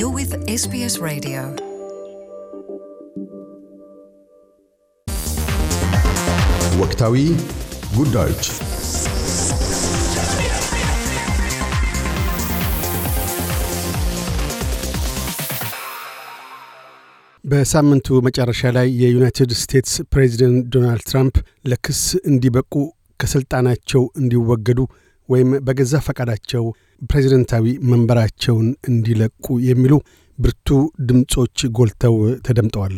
You're with SBS Radio. ወቅታዊ ጉዳዮች በሳምንቱ መጨረሻ ላይ የዩናይትድ ስቴትስ ፕሬዚደንት ዶናልድ ትራምፕ ለክስ እንዲበቁ ከሥልጣናቸው እንዲወገዱ ወይም በገዛ ፈቃዳቸው ፕሬዚደንታዊ መንበራቸውን እንዲለቁ የሚሉ ብርቱ ድምፆች ጎልተው ተደምጠዋል።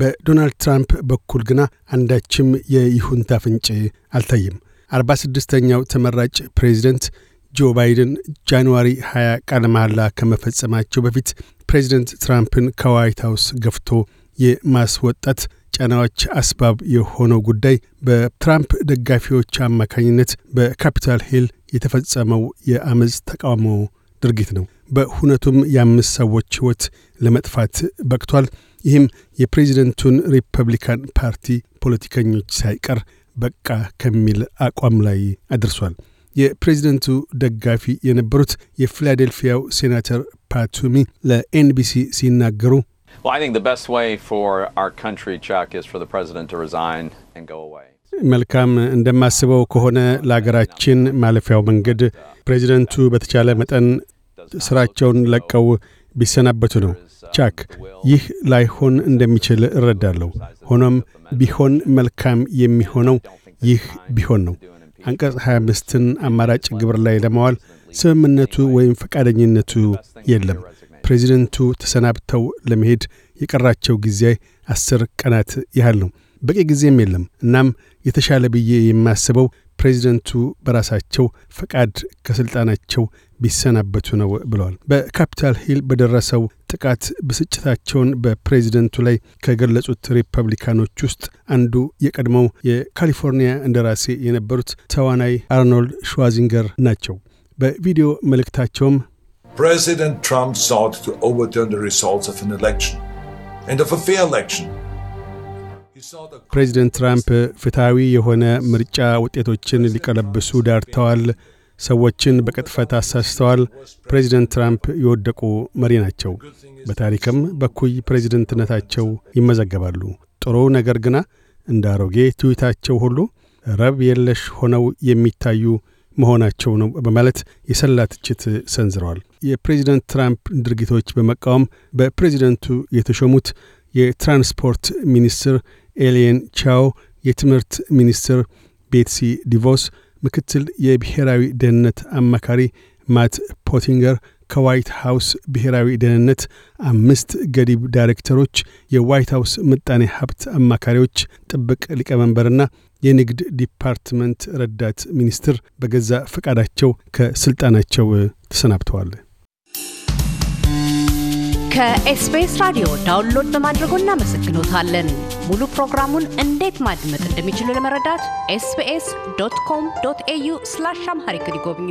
በዶናልድ ትራምፕ በኩል ግና አንዳችም የይሁንታ ፍንጭ አልታየም። ስድስተኛው ተመራጭ ፕሬዚደንት ጆ ባይደን ጃንዋሪ 20 ቃለ መሐላ ከመፈጸማቸው በፊት ፕሬዚደንት ትራምፕን ከዋይት ሀውስ ገፍቶ የማስወጣት ጫናዎች አስባብ የሆነው ጉዳይ በትራምፕ ደጋፊዎች አማካኝነት በካፒታል ሂል የተፈጸመው የአመፅ ተቃውሞ ድርጊት ነው። በሁነቱም የአምስት ሰዎች ሕይወት ለመጥፋት በቅቷል። ይህም የፕሬዚደንቱን ሪፐብሊካን ፓርቲ ፖለቲከኞች ሳይቀር በቃ ከሚል አቋም ላይ አድርሷል። የፕሬዚደንቱ ደጋፊ የነበሩት የፊላዴልፊያው ሴናተር ፓቱሚ ለኤንቢሲ ሲናገሩ መልካም እንደማስበው ከሆነ ለሀገራችን ማለፊያው መንገድ ፕሬዚደንቱ በተቻለ መጠን ስራቸውን ለቀው ቢሰናበቱ ነው። ቻክ ይህ ላይሆን እንደሚችል እረዳለሁ። ሆኖም ቢሆን መልካም የሚሆነው ይህ ቢሆን ነው። አንቀጽ 25 አማራጭ ግብር ላይ ለማዋል ስምምነቱ ወይም ፈቃደኝነቱ የለም። ፕሬዚደንቱ ተሰናብተው ለመሄድ የቀራቸው ጊዜ አስር ቀናት ያህል ነው። በቂ ጊዜም የለም። እናም የተሻለ ብዬ የማስበው ፕሬዚደንቱ በራሳቸው ፈቃድ ከሥልጣናቸው ቢሰናበቱ ነው ብለዋል። በካፒታል ሂል በደረሰው ጥቃት ብስጭታቸውን በፕሬዚደንቱ ላይ ከገለጹት ሪፐብሊካኖች ውስጥ አንዱ የቀድሞው የካሊፎርኒያ እንደራሴ የነበሩት ተዋናይ አርኖልድ ሽዋዚንገር ናቸው። በቪዲዮ መልእክታቸውም President Trump sought to overturn the results of an election and of a fair election. ፕሬዚደንት ትራምፕ ፍትሐዊ የሆነ ምርጫ ውጤቶችን ሊቀለብሱ ዳርተዋል። ሰዎችን በቅጥፈት አሳስተዋል። ፕሬዚደንት ትራምፕ የወደቁ መሪ ናቸው። በታሪክም በኩይ ፕሬዚደንትነታቸው ይመዘገባሉ። ጥሩ ነገር ግና እንደ አሮጌ ትዊታቸው ሁሉ ረብ የለሽ ሆነው የሚታዩ መሆናቸው ነው በማለት የሰላ ትችት ሰንዝረዋል። የፕሬዚደንት ትራምፕ ድርጊቶች በመቃወም በፕሬዚደንቱ የተሾሙት የትራንስፖርት ሚኒስትር ኤሊየን ቻው፣ የትምህርት ሚኒስትር ቤትሲ ዲቮስ፣ ምክትል የብሔራዊ ደህንነት አማካሪ ማት ፖቲንገር ከዋይት ሃውስ ብሔራዊ ደህንነት አምስት ገዲብ ዳይሬክተሮች፣ የዋይት ሃውስ ምጣኔ ሀብት አማካሪዎች፣ ጥብቅ ሊቀመንበርና የንግድ ዲፓርትመንት ረዳት ሚኒስትር በገዛ ፈቃዳቸው ከስልጣናቸው ተሰናብተዋል። ከኤስቢኤስ ራዲዮ ዳውንሎድ በማድረጎ እናመሰግኖታለን። ሙሉ ፕሮግራሙን እንዴት ማድመጥ እንደሚችሉ ለመረዳት ኤስቢኤስ ዶት ኮም ዶት ኤዩ ስላሽ አምሃሪክ ይጎብኙ።